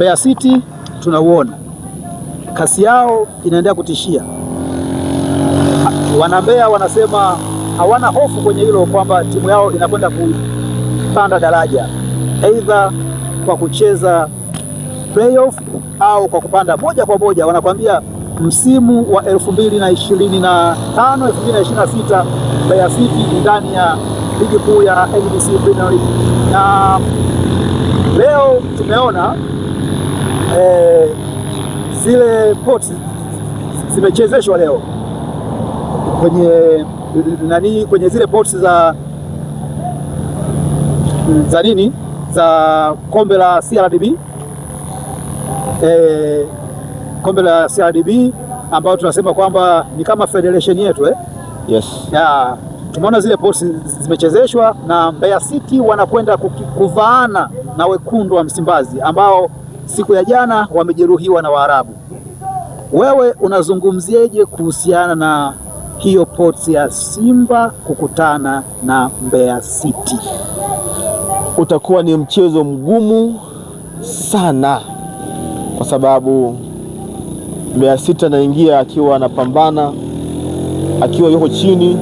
Mbeya City tunauona kasi yao inaendelea kutishia. Wanambeya wanasema hawana hofu kwenye hilo kwamba timu yao inakwenda kupanda daraja, aidha kwa kucheza playoff au kwa kupanda moja kwa moja. Wanakwambia msimu wa 2025 2026 Mbeya City ndani ya ligi kuu ya NBC Premier League, na leo tumeona eh, zile poti zimechezeshwa leo kwenye nani, kwenye zile poti za za nini za kombe la CRDB eh, kombe la CRDB ambayo tunasema kwamba ni kama federation yetu eh? Yes. Ya, tumeona zile posi zimechezeshwa na Mbeya City wanakwenda kuvaana na wekundu wa Msimbazi ambao siku ya jana wamejeruhiwa na Waarabu. Wewe unazungumzieje kuhusiana na hiyo poti ya Simba kukutana na Mbeya City? Utakuwa ni mchezo mgumu sana, kwa sababu Mbeya City anaingia akiwa anapambana, akiwa yuko chini.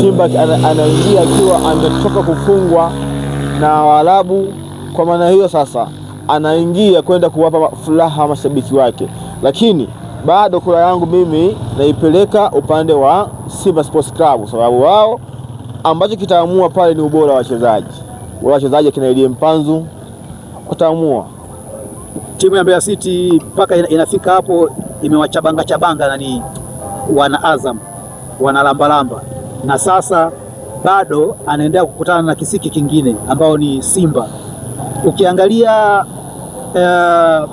Simba anaingia akiwa ametoka kufungwa na Waarabu. Kwa maana hiyo sasa anaingia kwenda kuwapa furaha mashabiki wake, lakini bado kura yangu mimi naipeleka upande wa Simba Sports Club, sababu wao ambacho kitaamua pale ni ubora wa wachezaji. wa wachezaji akina Elie Mpanzu wataamua. Timu ya Mbeya City mpaka inafika hapo imewachabanga chabanga nani wana Azam wanalambalamba, na sasa bado anaendelea kukutana na kisiki kingine ambao ni Simba. Ukiangalia uh,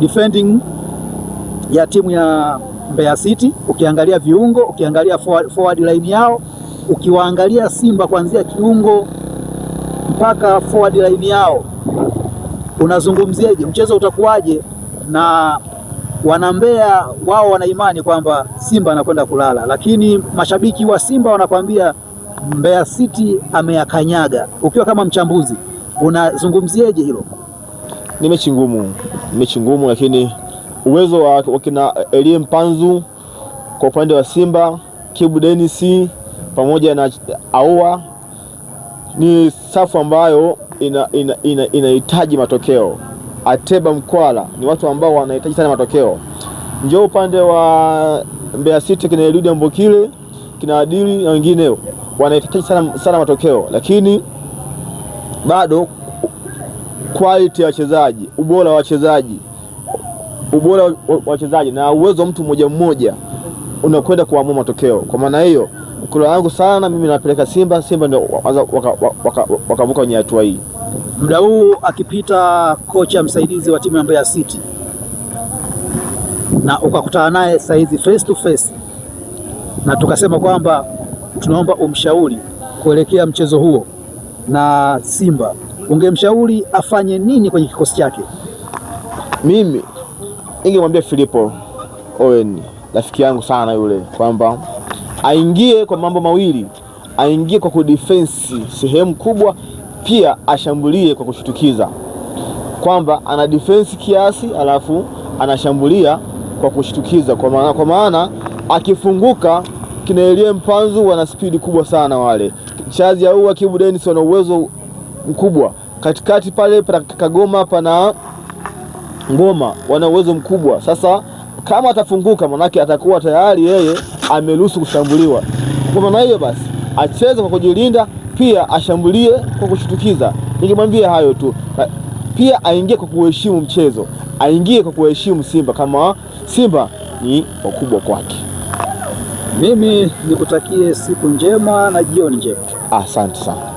defending ya timu ya Mbeya City, ukiangalia viungo, ukiangalia forward, forward line yao, ukiwaangalia Simba kuanzia kiungo mpaka forward line yao, unazungumziaje mchezo utakuwaje? Na wanambea wao wana imani kwamba Simba anakwenda kulala, lakini mashabiki wa Simba wanakwambia Mbeya City ameyakanyaga. Ukiwa kama mchambuzi unazungumziaje hilo? ni mechi ngumu, mechi ngumu, lakini uwezo wa wakina Elie Mpanzu kwa upande wa Simba, Kibu Dennis pamoja na Aua ni safu ambayo inahitaji ina, ina, ina matokeo. Ateba Mkwala ni watu ambao wanahitaji sana matokeo. Njoo upande wa Mbeya City kina Eliud Ambokile kina Adili na wengineo wanahitaji sana, sana matokeo, lakini bado quality ya wachezaji, ubora wa wachezaji, ubora wa wachezaji na uwezo wa mtu mmoja mmoja unakwenda kuamua matokeo. Kwa maana hiyo, mkono wangu sana mimi napeleka Simba. Simba ndio wakavuka waka, waka kwenye hatua hii. Muda huu akipita kocha msaidizi wa timu ya Mbeya City na ukakutana naye saa hizi face to face, na tukasema kwamba tunaomba umshauri kuelekea mchezo huo na Simba ungemshauri afanye nini kwenye kikosi chake? Mimi ningemwambia Filipo Owen, rafiki yangu sana yule, kwamba aingie kwa mambo mawili, aingie kwa kudifensi sehemu kubwa, pia ashambulie kwa kushutukiza, kwamba ana defense kiasi, alafu anashambulia kwa kushtukiza, kwa maana kwa maana akifunguka kinaelie mpanzu wana spidi kubwa sana wale chazi au akibu Dennis wana uwezo mkubwa. Katikati pale pana Kagoma, pana Ngoma, wana uwezo mkubwa. Sasa kama atafunguka, manake atakuwa tayari yeye ameruhusu kushambuliwa. Kwa maana hiyo basi acheze kwa kujilinda, pia ashambulie kwa kushutukiza Ningemwambia hayo tu, pia aingie kwa kuheshimu mchezo, aingie kwa kuheshimu Simba kama Simba ni wakubwa kwake. Mimi nikutakie siku njema na jioni njema. Asante sana.